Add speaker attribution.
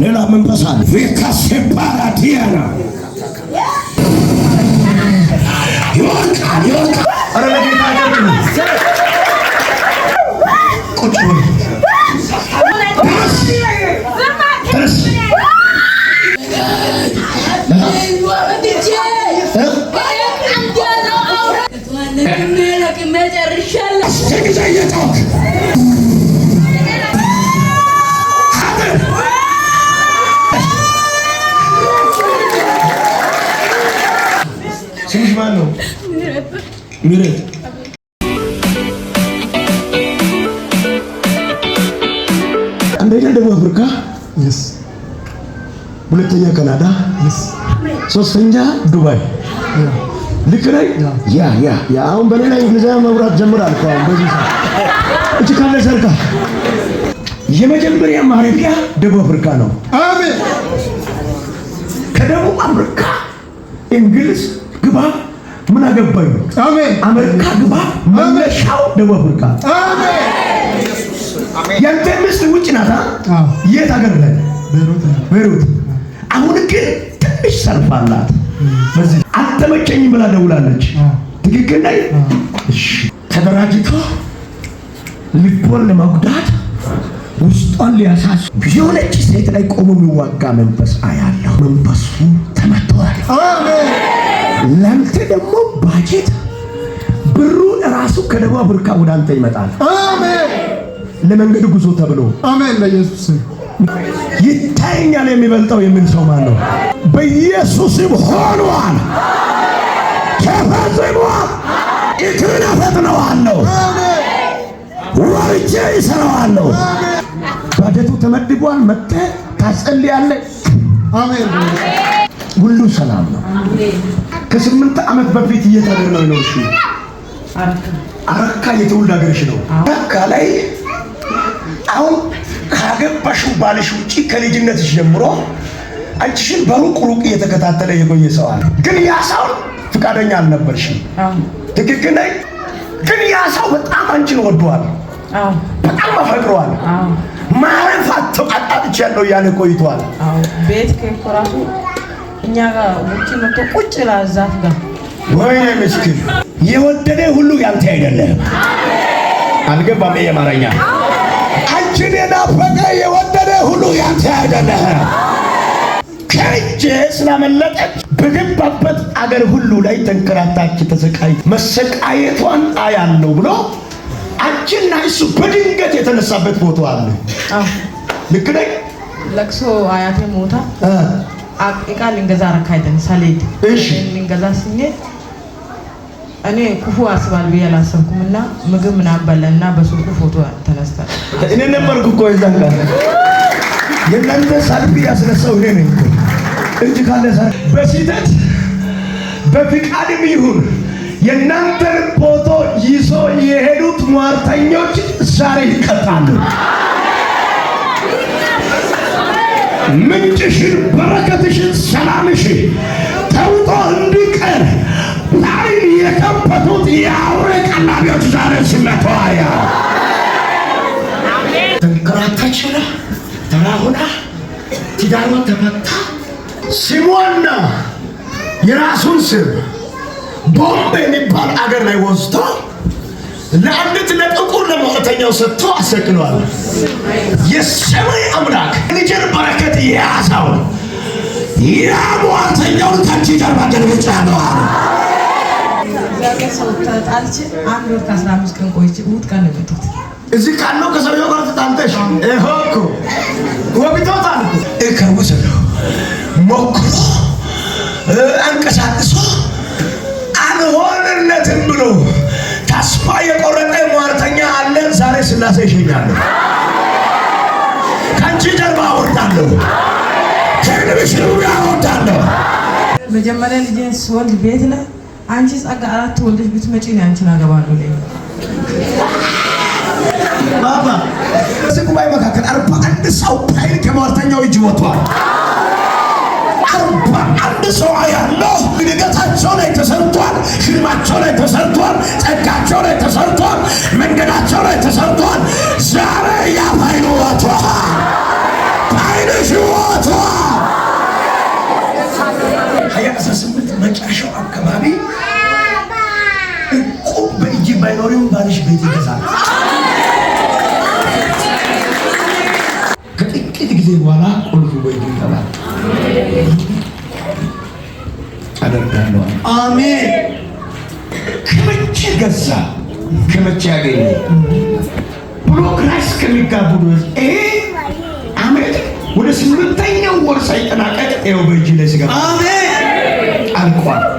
Speaker 1: ሌላ መንፈስ አለ። ቪካሴፓራዲያና ይወርቃል ይወርቃል። ምረት አንደኛ ደቡብ አፍሪካ የስ፣ ሁለተኛ ካናዳ ሶስተኛ ዱባይ ልክ ላይ ያ ያ ያ አሁን በሌላ እንግሊዝኛ መብራት ጀምራል እኮ አሁን በዚህ ሰዓት እቺ ካለ ሰርካ የመጀመሪያ ማረፊያ ደቡብ አፍሪካ ነው። አሜን። ከደቡብ አፍሪካ እንግሊዝ ግባ ምን አገባኝ? አሜን። አሜሪካ ግባ መነሻው ደቡብ አፍሪካ። አሜን። ያንተ ምስት ውጭ ናታ። የት ሀገር ላይ? ቤሩት። አሁን ግን ትንሽ ሰልፍ አላት። በዚህ አልተመቸኝም ብላ ደውላለች። ትክክል ላይ ተደራጅቶ ልቦን ለመጉዳት ውስጧን ሊያሳስ የሆነች ሴት ላይ ቆሞ የሚዋጋ መንፈስ አያለሁ። መንፈሱ ተመቷል። አሜን። ለአንተ ደግሞ ባጀት ብሩን ራሱ ከደቡብ አፍሪካ ወደ አንተ ይመጣል። አሜን። ለመንገድ ጉዞ ተብሎ
Speaker 2: አሜን። ለኢየሱስ
Speaker 1: ይታየኛል የሚበልጠው የምን ሰው ማን ነው? በኢየሱስም ሆኗል፣ ተፈጽሟል። እግርን አፈጥነዋለሁ፣ ወርጄ ይሰራዋለሁ። ባጀቱ ተመድቧል። መጥተ ታጸልያለህ። አሜን። ሁሉ ሰላም ነው። አሜን። ከስምንት ዓመት በፊት የት ሀገር ነው የኖርሽ? አረካ የትውልድ ሀገርሽ ነው። አረካ ላይ አሁን ካገባሽው ባልሽ ውጪ ከልጅነትሽ ጀምሮ አንቺሽን በሩቅ ሩቅ እየተከታተለ የቆየ ሰው አለ። ግን ያ ሰው ፍቃደኛ አልነበርሽም። ትክክል ነኝ። ግን ያ ሰው በጣም አንቺን ወደዋል፣ በጣም አፈቅሯል። ማረፍ ያለው ያለ ቆይቷል።
Speaker 3: ቤት ከኮራሱ እኛ ጋር ውጭ መጥቶ ቁጭ ላዛት ጋር
Speaker 1: ወይኔ ምስኪን የወደደ ሁሉ ያንተ አይደለም። አልገባም የማረኛ አንቺን የናፈቀ የወደደ ሁሉ ያንተ አይደለም። ከእጅ ስላመለጠች በገባበት አገር ሁሉ ላይ ተንከራታች ተሰቃይ መሰቃየቷን አያለው ብሎ አንቺና እሱ በድንገት የተነሳበት ቦታ አለ። ልክ ነኝ።
Speaker 3: ለቅሶ አያቴ ሞታ እቃ ልንገዛ ረካ ሄደን ሰሌድ ልንገዛ ስንሄድ እኔ ክፉ አስባል ብዬ አላሰብኩም እና ምግብ ምናምን በላን እና በሱቁ ፎቶ ተነስተን
Speaker 1: እኔ ነበርኩ እኮ የዛን የእናንተ ያስነሳው እኔ ነኝ እንጂ ካለ በስህተት በፍቃድም ይሁን የእናንተን ፎቶ ይዞ የሄዱት ሟርተኞች ዛሬ ይቀጣሉ። ምንጭሽን፣ በረከትሽን፣ ሰላምሽ ተውጦ እንዲቀር ዛሬን የከፈቱት የአውሬ ቀላቢዎች ዛሬ ስለተዋያ ተንከራተች ሆና ትዳሯ ተመታ። ስሟና የራሱን ስም ቦምቤ የሚባል አገር ላይ ወስቶ ለአንዲት ለጥቁር ለመጻተኛው ሰጥቶ አሰቅሏል። የሰማይ አምላክ ልጅን በረከት የያዘው ያ ሟርተኛውን ከአንቺ ጀርባ ገልብጫ ነው
Speaker 3: አንድ ወር ከአስራ አምስት ቀን ቆይቼ እሑድ ቀን ነው
Speaker 1: እዚህ ካለው ከሰውየው ጋር ተጣልተሽ እኮ ሞክሮ አንቀሳቅሶ ብሎ ስላሴ ይሸኛለሁ። ከአንቺ ጀርባ አወርዳለሁ። ከንብሽ ልውዳ አወርዳለሁ።
Speaker 3: መጀመሪያ ልጄን ስወልድ ቤት ላይ አንቺ ጸጋ አራት ወልደሽ ብትመጪ ነው አንቺን አገባለሁ ላይ
Speaker 1: ባባ እዚህ ጉባኤ መካከል አርባ አንድ ሰው ኃይል ከማርተኛው እጅ ወጥቷል። አርባ አንድ ሰው ያለው ንገታቸው ላይ ተሰርቷል፣ ሽልማቸው ላይ ተሰርቷል፣ ጸጋቸው ላይ ተሰርቷል፣ መንገዳቸው ላይ ተሰርቷል። መጨረሻው አካባቢ እቁብ በእጅ ባይኖርም ባልሽ ቤት ይገዛል። ከጥቂት ጊዜ በኋላ ቁልፉ በእጅ ይገባል። አደርጋለሁ። አሜን። ከመቼ ገዛ ከመቼ ያገኘ ብሎ ከሚጋቡ እስከሚጋቡ ይሄ አመት ወደ ስምንተኛው ወር ሳይጠናቀቅ ይኸው በእጅ ላይ ሲገባ። አሜን 款。